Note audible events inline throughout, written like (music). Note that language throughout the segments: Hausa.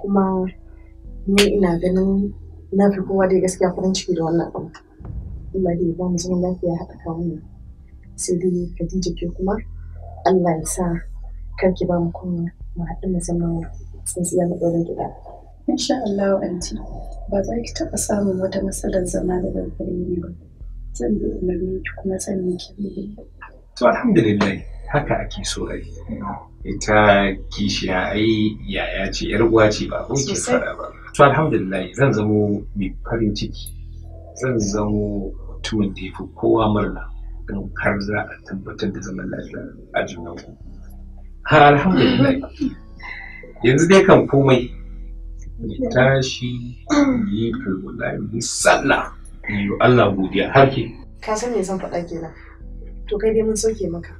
kuma ni ina ganin na fi kowa dai gaskiya farin ciki da wannan abu Allah dai ba mu zama lafiya haɗa kawo mu sai dai Khadija ke kuma Allah ya sa karki ba mu kuma mu haɗu mu zama tsintsiya na ɗaurin gida. Insha Allah anti ba za ki taɓa samun wata matsalar zama da ɗaukar ne ba. Zan bi umarni kuma zan yi ki. To alhamdulillah. haka ake so ai ita kishiya ai yaya ce yar uwa ce ba ke fara ba to alhamdulillah zan zamo mai farin ciki zan zamo mutumin da ya fi kowa murna don har za a tabbatar da zaman lafiya a junan ku har alhamdulillah yanzu dai kan komai ya tashi yi alwala yi sallah yi Allah godiya har ke ka san me zan faɗa kenan to kai dai mun sauke maka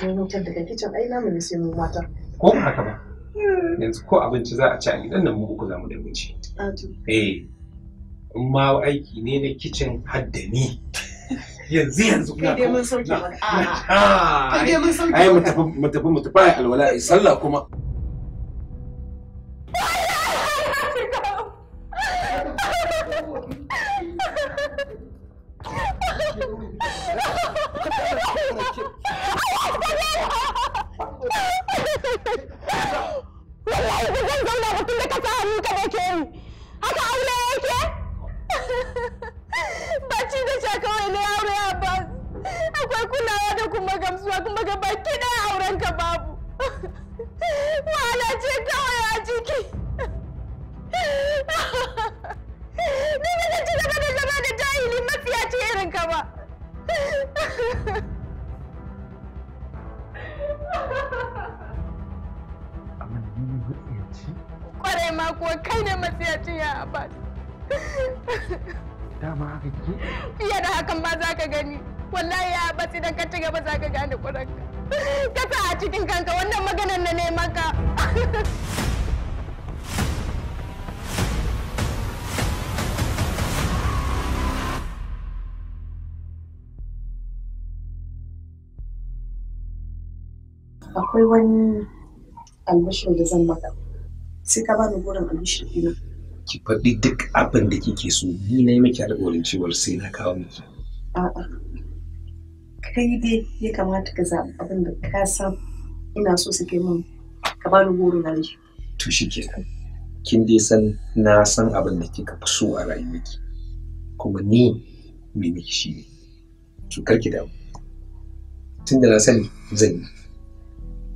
mun kicin ai namu ne sai mu mata ko ba haka ba yanzu ko abinci za a ci a gidan nan mu uku za mu da ci ah, eh in ma aiki ne na kicin haddani yanzu yanzu kuna ko mun sauke ba a a mun sauke ai mu tafi mu tafi mu tafi alwala ai sallah kuma Ha ha ha! wallahi ba zan zauna ba tun da ka sa hannu yake ba ci da sha kawai ne aure abbas akwai da kuma baki ɗaya babu wahala ce kawai a ni ci gaba da zama da jahili mafiya ce irin ba Kwarai ma kuwa kai ne matsiyaci ya Abbas. Dama haka ke? Fiye da hakan ba za ka gani. Wallahi ya Abbas idan ka ci gaba za ka gane kuranka. Ka sa a cikin kanka wannan maganar na ne maka. (laughs) akwai wani albishir da zan maka sai ka bani burin albishir dina ki faɗi duk abin da kike so ni na yi miki alƙawarin cewar sai na kawo miki a'a kai dai ya kamata ka zaɓi abin da ka san ina so su kai min ka bani burin albishir to shi kenan kin dai san na san abin da kika fi so a rayuwarki kuma ni mai miki shi ne to karki dawo. tunda na sani zan yi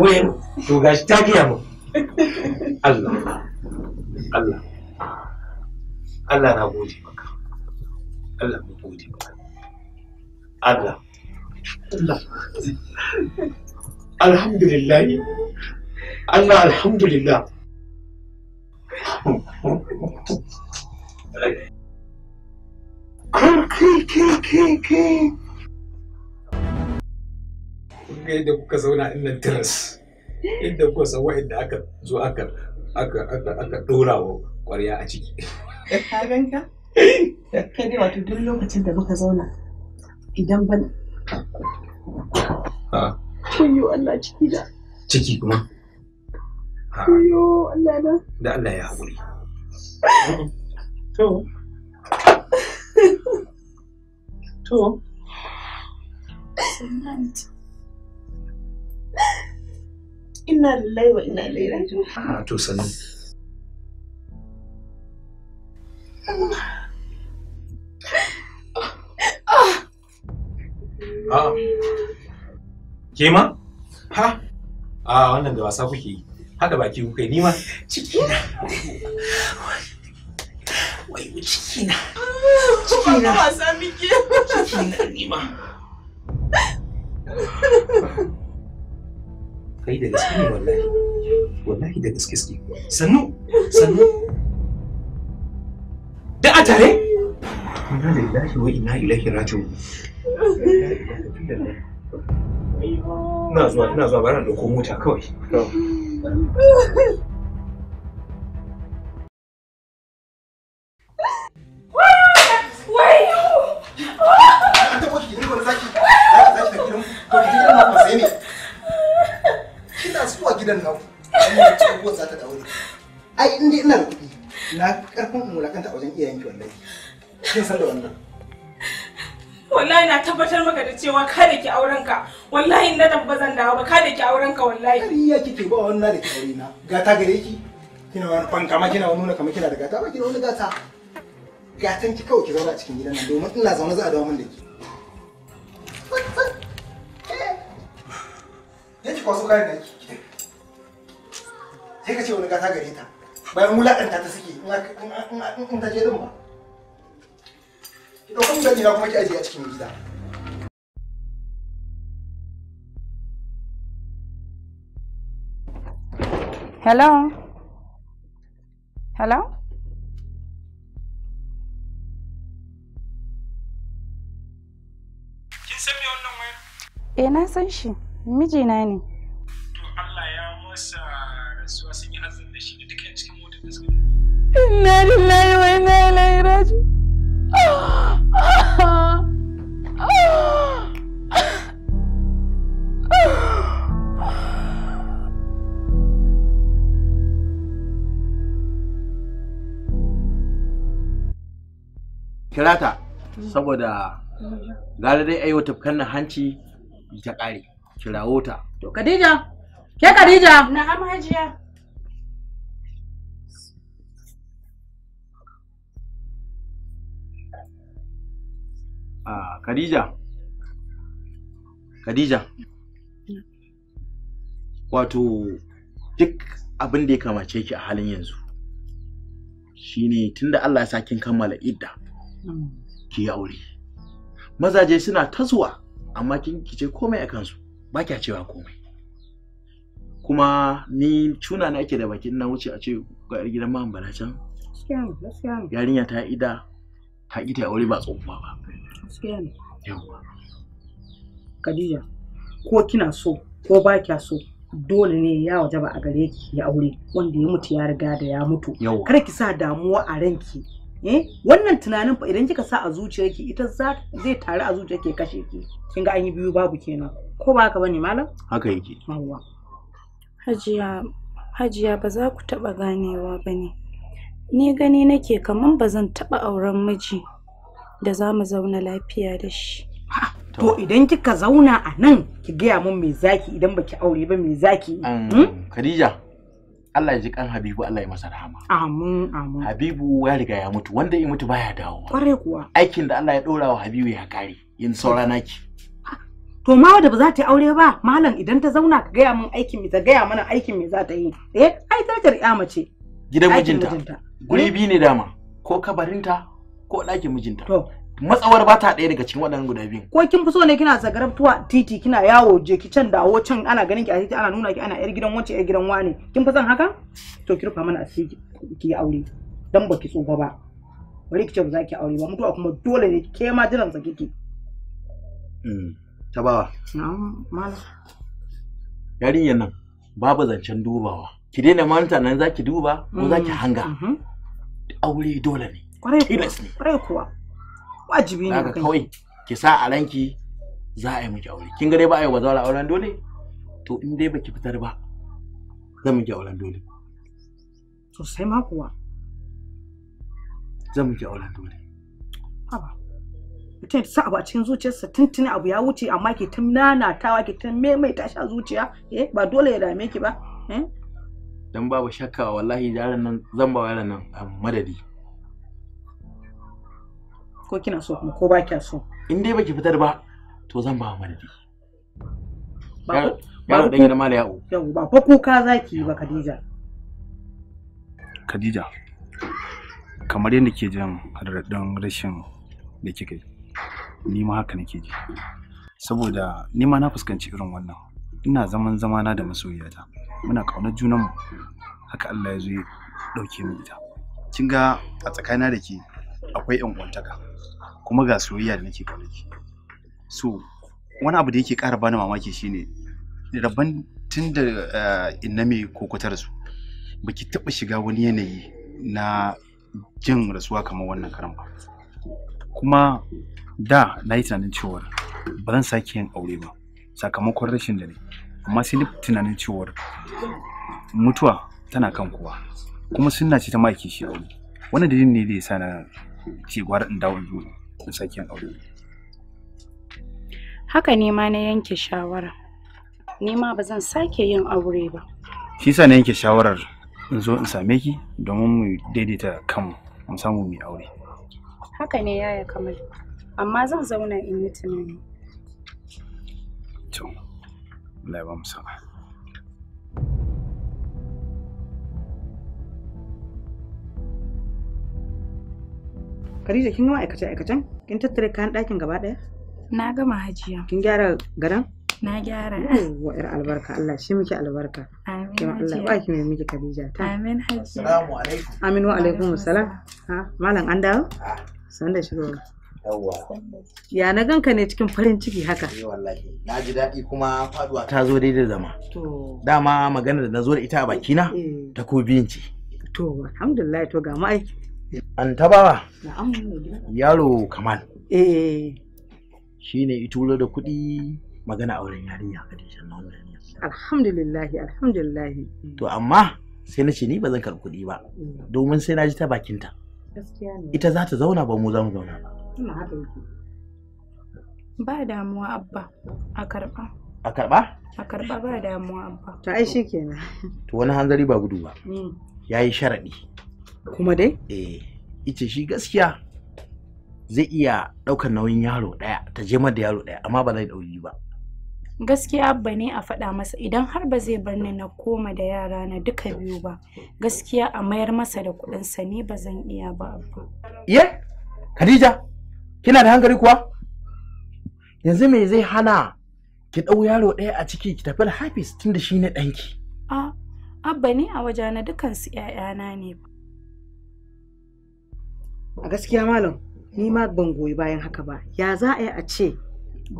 Wayan, to gashi ta Allah, Allah, Allah na maka. Allah mu maka. Allah, Allah. Alhamdulillah, Allah kuka yadda kuka zauna in tiras inda kuka san wa'inda aka zo aka aka dora wa ƙwarya a ciki kai dai wato duk lokacin da muka zauna idan ban kuyo Allah ciki da ciki kuma kuyo Allah na da Allah ya haƙuri to to Inna lillahi wa inna ilaihi raji'un. A ah, to sani. A ah. ke ma? Ha? A ah, wannan da wasa kuke Haka Haɗa baki kuka ni ma? Cikina. Wai cikina. Cikina. Wasa muke. Cikina ni ma. kai da gaske ne wallahi wallahi da gaske suke sannu sannu da atare. tare da lillahi wa inna ilaihi raji'un ina zuwa ina zuwa bara da ko mota kawai ai inda ina da kuɗi na ƙarfin karfin mulakanta a wajen iyayenki wallahi kin san da wannan wallahi na tabbatar maka da cewa ka da ki auren ka wallahi na dan da dawo ba ka da ki auren ka wallahi kariya kike ba wannan da ki aure na gata gare ki kina wani fanka ma kina wani kamar kina da gata ba kina wani gata gatan ki kawai ki zauna a cikin gidan nan domin ina zaune za a dawo min da ki ne ki kwaso kayan da ki je ka ce wani gata gare ta bayan wulaƙanta ta suke in ta je din ba ki ɗaukan gani na kuma ki ajiye a cikin gida hello hello kin san me wannan wayar eh na san shi mijina ne to Allah ya masa rasuwa inna lillahi wa inna ilaihi raji'un kira ta mm. saboda gara dai ayi wata fukan hanci ta ƙare kirawo ta to Khadija ke Khadija na'am hajiya a ah, Khadija Khadija wato duk abin da ya kamace ki a halin yanzu shine tunda Allah ya sa kin kammala idda ki aure mazaje suna ta amma kin kice komai a kansu ba kya cewa komai kuma ni cuna na ake da bakin na wuce a ce ga gidan mahan bala can yarinya ta ida ta ƙi ta aure ba tsohuwa ba yawa Khadija ko kina so ko ba kya so dole ne ya waje ba a gare ki ya aure wanda ya mutu ya riga da ya mutu kar ki sa damuwa a ranki eh wannan tunanin fa idan kika sa a zuciyarki ita za zai taru a zuciyarki ya kashe ki kin ga an yi biyu babu kenan ko ba haka bane malam haka yake yawwa hajiya hajiya ba za ku taɓa ganewa bane ni gani nake kaman ba zan taɓa auren miji da za mu zauna lafiya da shi. To idan kika zauna a nan ki gaya mun me zaki idan baki aure ba me zaki. Hmm? Khadija Allah ya ji kan Habibu Allah ya masa rahama. Amin amin. Habibu ya riga ya mutu wanda ya mutu baya dawo. Kware kuwa. Aikin da Allah ya dora wa Habibu ya kare yin saura naki. To ma wadda ba za ta yi aure ba malam idan ta zauna ka gaya mun aikin mi ta gaya mana aikin mi za ta yi. Eh ai tartar ya mace. gidan mijinta guri hmm? biyu ne dama ko kabarinta ko ɗakin mijinta matsawar ba ta ɗaya daga cikin waɗannan guda biyu ko kin fi so ne kina zagarabtuwa titi kina yawo je ki can dawo can ana ganin ki a titi ana nuna ki ana yar gidan wacce yar gidan wane kin fi son haka to ki rufa mana asiri ki yi aure dan baki tsufa ba bari ki ce ba za ki aure ba mutuwa kuma dole ne ke ma jiran sa kike hmm. tabawa na'am malam yarinyar nan babu zancen dubawa ki daina manta nan za ki duba ko mm, za ki hanga mhm. aure dole ne tilas ne kwarai kuwa wajibi ne kai kawai ki sa a ranki za a yi miki aure kin ga dai ba a yi wa auren dole to in dai baki fitar ba zan miki auren dole sosai ma kuwa zan miki auren dole haba mutum sa abu a cikin zuciyarsa tuntuni abu ya wuce amma ke ta nanatawa ke ta maimaita shi a zuciya eh ba dole ya dame ki ba eh don babu shakka wallahi yaran nan zan ba yaran nan a um, madadi ko kina so kuma ko ba kya so in dai baki fitar ba to zan ba madadi Ba dan yana mala yawo yau ba fa kuka zaki ba Khadija Khadija kamar yadda ke jin raɗaɗin rashin da kike yi ni ma haka nake ji saboda ni ma na fuskanci irin wannan ina zaman zamana da masoyiyata muna ƙaunar junanmu haka Allah ya zo ya ɗauke mu ita kin ga a tsakanina da ke akwai 'yan uwantaka kuma ga soyayya da nake ƙaunar ki so wani abu da yake ƙara bani mamaki shine rabban tun da eh, inna mai kokotar su baki taɓa shiga wani yanayi na jin rasuwa kamar wannan karan ba kuma da na yi tunanin cewa ba zan sake yin aure ba sakamakon rashin da ne amma sai tunanin cewar mutuwa tana kan kowa kuma sunna ce ta maki shi aure wannan dalilin ne da ya sa na ce gwara in dawo zuwa in sake aure haka ne ma na yanke shawara ni ma ba zan sake yin aure ba shi sa na yanke shawarar in zo in same ki domin mu daidaita kanmu mu samu mu aure haka ne yaya kamar. amma zan zauna in yi tunani to Allah ya ba mu sa'a. Khadija kin gama aikace aikacen? Kin tattare kayan ɗakin gaba ɗaya? Na gama hajiya. Kin gyara garan. Na gyara. Yawwa ƴar albarka Allah shi miki albarka. Amin. Kuma Allah ba ki mai miki Khadija ta. Amin hajiya. Assalamu alaikum. Amin wa alaikum assalam. Ha malam an dawo? Ah. San da shigo. ya na ganka ne cikin farin ciki haka eh, wallahi na ji kuma faduwa ta zo daidai zama dama magana da na zo da ita a bakina eh. ta ko binci to alhamdulillah to ga mai an na'am yaro kamal eh shine itulo da kuɗi magana auren yarinya Khadija nan alhamdulillah alhamdulillah to amma sai na ce ni ba zan karɓi kuɗi ba mm. domin sai na ji ta bakinta ita za ta zauna ba mu za mu zauna ba ba damuwa abba a karba a karba a karba ba damuwa abba to ai shikenan to wani hanzari ba gudu ba mm. yayi sharadi kuma dai eh ice shi gaskiya zai iya ɗaukan nauyin yaro ɗaya ta je da yaro ɗaya amma ba zai ɗauki ba gaskiya abba ne a faɗa masa idan har ba zai bar ni na koma da yara na duka biyu ba gaskiya a mayar masa da kuɗinsa ne ba zan iya ba abba ye khadija kina da hankali kuwa yanzu me zai hana ki ɗau yaro ɗaya a ciki ki tafi hafiz tun da shi ne ɗanki a abba ne a waje na su ‘ya'yana ne a gaskiya malam ni ma ban goyi bayan haka ba ya za a yi a ce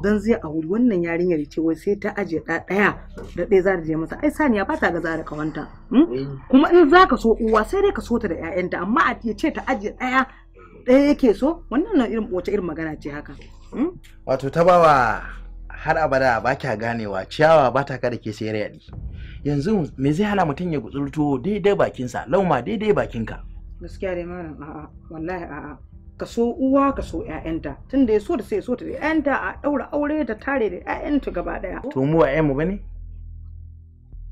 dan zai a wuri wannan yarinyar ce wai sai ta aje da daya da ɗaya za ta je masa ai saniya ba ta ga za ƙawanta. kawanta hmm? eh. kuma in za ka so uwa sai dai ka so ta da ƴaƴanta amma a ce ta aje daya ɗaya yake so wannan irin wace irin magana ce haka hmm? wato ta bawa har abada ba kya ganewa ciyawa ba ta kada ke sayar yaɗi yanzu me zai hana mutum ya gutsulto daidai bakinsa lauma daidai bakinka gaskiya dai malam a'a wallahi a'a ka so uwa ka so ƴaƴanta tun da ya so da sai ya so ta ƴaƴanta a ɗaura aure da tare da ƴaƴanta gaba ɗaya to mu ba ƴaƴanmu bane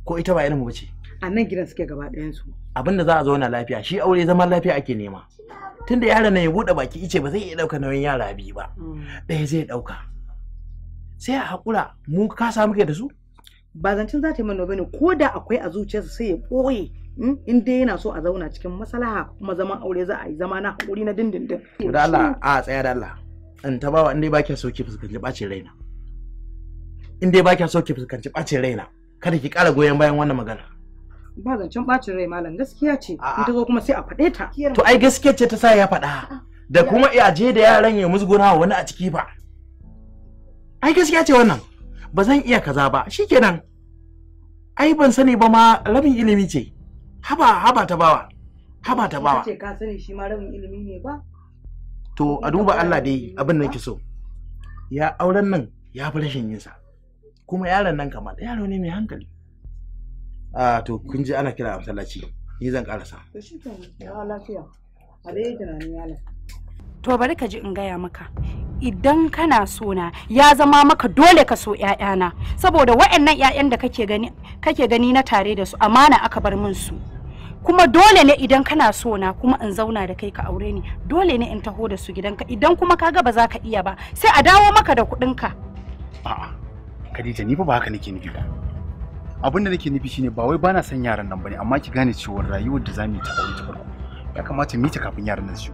ko ita ba ƴaƴanmu bace a nan gidan suke gaba ɗayansu abin da za a zauna lafiya shi aure zaman lafiya ake nema tunda yaron nan ya buɗe baki ice ba zai iya ɗauka nauyin yara biyu ba mm. ɗaya zai ɗauka sai a haƙura mu ka samu kai da su ba zancen za ta yi mana bane ko da akwai a zuciyarsa sai ya ɓoye mm, in dai yana so a zauna cikin maslaha kuma zaman aure za a yi zama na haƙuri na dindindin. da Allah a tsaya da Allah in ta bawa in dai ba ki so ki fuskanci ɓacin raina in dai ba ki so ki fuskanci ɓacin raina kada ki ƙara goyon bayan wannan magana. ba zancen bacin rai malam gaskiya ce in ta zo kuma sai a faɗe ta to ai gaskiya ce ta sa ya faɗa da kuma ya je da yaran ya musguna wani a ciki ba ai gaskiya ce wannan ba zan iya kaza ba shikenan ai ban sani ba ma rabin ilimi ce haba haba ta bawa haba ta bawa ce ka sani shi ma rabin ilimi ne ba to a duba Allah dai abin nan ki so ya auren nan ya fi rashin yinsa kuma yaron nan kamar yaro ne mai hankali a to kun ji ana kira a masallaci ni zan karasa to bari ka ji in gaya maka idan kana sona ya zama maka dole ka so ‘ya'yana saboda waɗannan ‘ya'yan da kake gani na tare da su amana aka bar min su kuma dole ne idan kana sona kuma in zauna da kai ka aure ni dole ne in taho da su gidanka idan kuma ka ga baza za ka iya ba sai a dawo maka da kuɗinka a'a Khadija ni fa ba haka nake nufi ba abin da nake nufi shine ba wai bana son yaran nan bane amma ki gane cewa rayuwar da zamu yi ta aure ta farko ya kamata mu yi ta kafin yaran nan su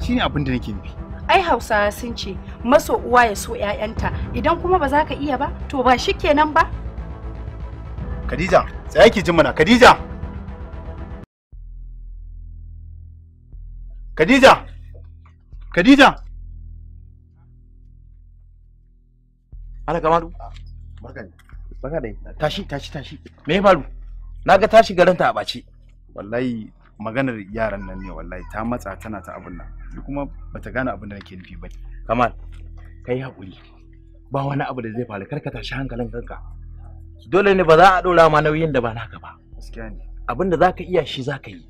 shine abin da nake nufi ai hausawa sun ce maso uwa ya so ƴaƴanta idan kuma ba za ka iya ba to ba shi kenan ba Khadija tsaya ki jin mana Khadija Khadija Khadija Ala Kamalu ah, barka saka da tashi tashi tashi me ya faru na tashi garin ta a bace. wallahi maganar yaran nan ne wallahi ta matsa tana ta abun nan kuma bata gane abin da nake nufi ba kamal kai hakuri ba wani abu da zai faru karka tashi hankalin kanka dole ne ba za a dora ma nauyin da ba naka ba gaskiya ne abin da zaka iya shi zaka yi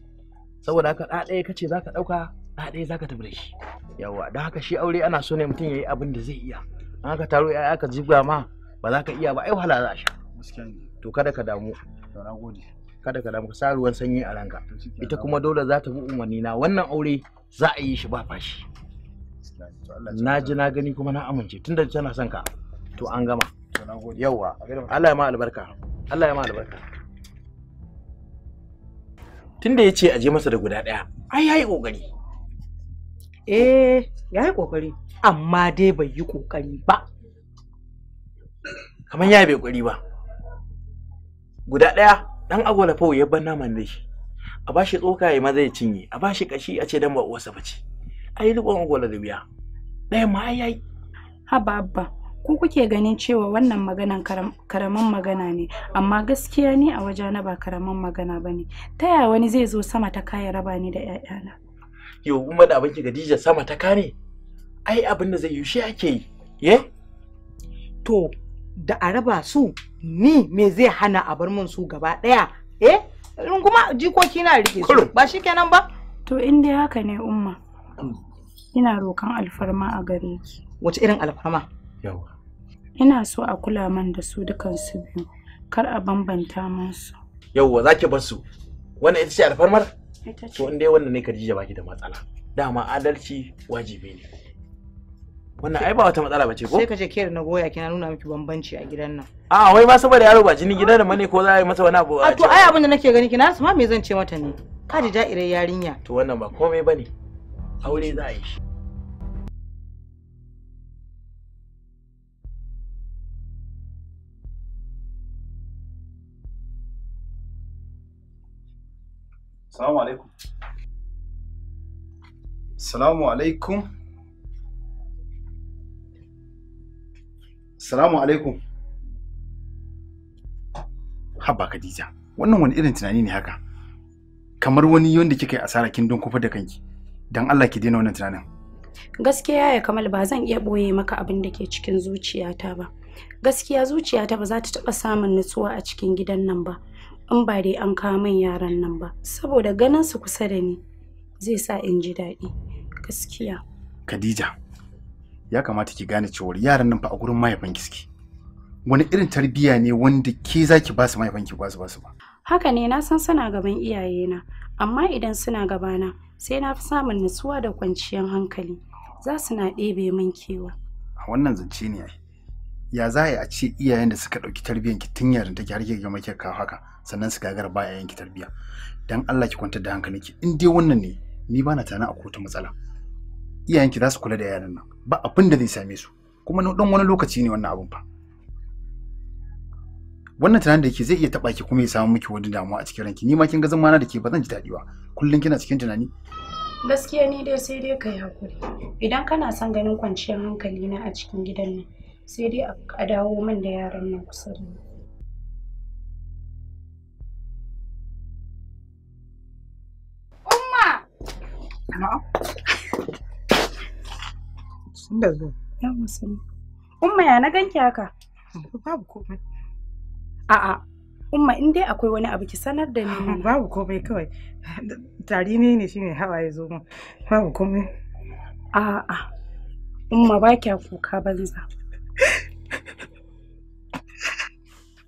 saboda haka da ɗaya kace zaka ɗauka da ɗaya zaka tafi da shi yawa don haka shi aure ana so ne mutum ya yi abin da zai iya an haka taro ya aka jibga ma ba za ka iya ba ai wahala za a sha to kada ka damu kada ka damu ka sa ruwan sanyi a ranka ita kuma dole za ta bi umarni na wannan aure za a yi shi ba fashi na ji na gani kuma na amince tunda tana son ka to an gama yauwa Allah ya ma albarka Allah ya ma albarka tunda ya ce a je masa da guda ɗaya ai yayi kokari eh yayi kokari amma dai bai yi kokari ba kamar ya bai kuri ba guda ɗaya ɗan agwala fawo ya ban naman da shi a bashi tsoka ya maza ya cinye a bashi kashi a ce dan ba uwarsa bace ai riƙon agwala da biya ɗaya ma yayi haba abba ku kuke ganin cewa wannan maganan karaman magana ne amma gaskiya ni a waje na ba karaman magana ba ne ta yaya wani zai zo sama ta kaya raba ni da 'ya'yana yau kuma da abinki gadija sama ta kare ai abin da zai yi shi ake yi ye eh? to da a raba su ni me zai hana a bar min su gaba daya eh kuma jikoki na rike su ba shi kenan ba to in dai haka ne umma mm. ina rokan alfarma a gare ki wace irin alfarma yawa ina so a kula man da su dukan su biyu kar a bambanta man su yawa zaki bar su wannan ita ce alfarmar to in dai wannan ne Khadija baki da matsala dama adalci wajibi ne wannan ai ba wata matsala bace ko sai ka ce ke na goya kina nuna miki bambanci a gidan nan a wai ma saboda yaro ba jini, gidan nan ne ko za a yi masa wani abu a to ai abin da nake gani kina su ma me zan ce mata ne ka ji da'irar yarinya to wannan ba komai bane aure za a yi Assalamu Salamu alaikum. Salamu alaikum. Salamu alaikum. Habba Khadija, wannan wani irin tunani ne haka? Kamar wani yanda kika yi asara kin don kufa da kanki. Dan Allah ki daina wannan tunanin. Gaskiya ya Kamal ba zan iya boye maka abin da ke cikin zuciyata ba. Gaskiya zuciyata ba za ta taɓa samun nutsuwa a cikin gidan nan ba. In ba dai an kawo min yaran nan ba. Saboda ganin su kusa da ni zai sa in ji daɗi. Gaskiya. Khadija, ya kamata ki gane cewa yaran nan fa a gurin mahaifan suke wani irin tarbiyya ne wanda ke zaki ba su mahaifan ki ba su ba haka ne na san suna gaban iyaye na amma idan suna gabana sai na fi samun nutsuwa da kwanciyar hankali za su na ɗebe min kewa A wannan zance ne ya za a ce iyayen da suka ɗauki tarbiyyar ki tun yarinta ki har ki ga maki kawo haka sannan su gagara ba yayin ki tarbiyya dan Allah ki kwantar da hankalinki in dai wannan ne ni ba na tana a kotu matsala iyayenki za su kula da yaran nan ba abin da zai same su kuma dan wani lokaci ne wannan abun fa wannan tunanin da yake zai iya taba ki kuma ya samu miki wani damuwa a cikin ranki ni ma kin ga zama na da ke ba zan ji daɗi ba kullun kina cikin tunani gaskiya ni dai sai dai kai hakuri idan kana son ganin kwanciyar hankali na a cikin gidan nan sai dai a dawo min da yaran nan kusa da ni Sun da zuwa. Yawon sani. Umma ya na ganki haka? Babu komai. A'a, Umma in dai akwai wani abu ki sanar da ni. Babu komai kawai. Tari ne ne shine hawaye zo mun. Babu komai. A'a. Umma ba kya kuka banza.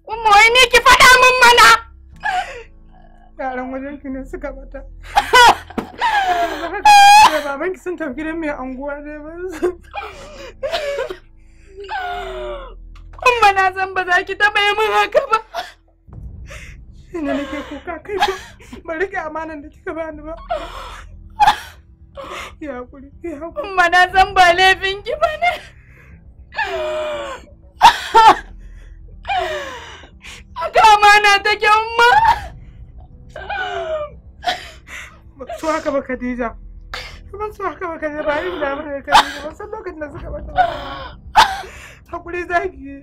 Umma wai ne ki faɗa min mana. Yaran wajen ki ne suka bata. da baban ki sun tafi gidan mai anguwa dai ba Umma na san ba za ki taɓa yi min haka ba. Ina ne nake kuka kai ba ba rike amanan da kika bani ba. Ya hakuri, ya hakuri. Umma na san ba laifin ki ba ne. Haka amana take umma. su haka ba Khadija ban su haka ba Khadija ba yin damar da Khadija ba san lokacin da suka mata ba hakuri zagi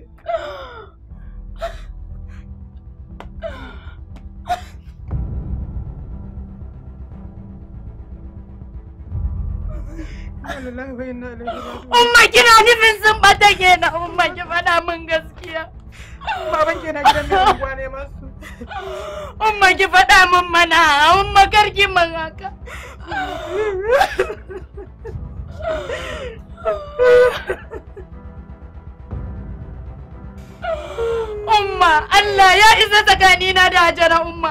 Umma kina nufin sun bata kenan umma ki faɗa min gaskiya. Baban ke na gidan Umma ki faɗa min mana, umma karki man haka. Umma, Allah ya isa tsakanina da hajara umma.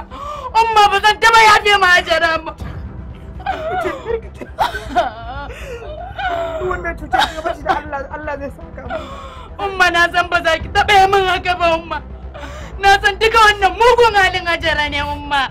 Umma ba zan ma hajara ba. Wannan cutar umma na san ba za ki taɓa min haka ba umma na san duka wannan mugun halin hajara ne umma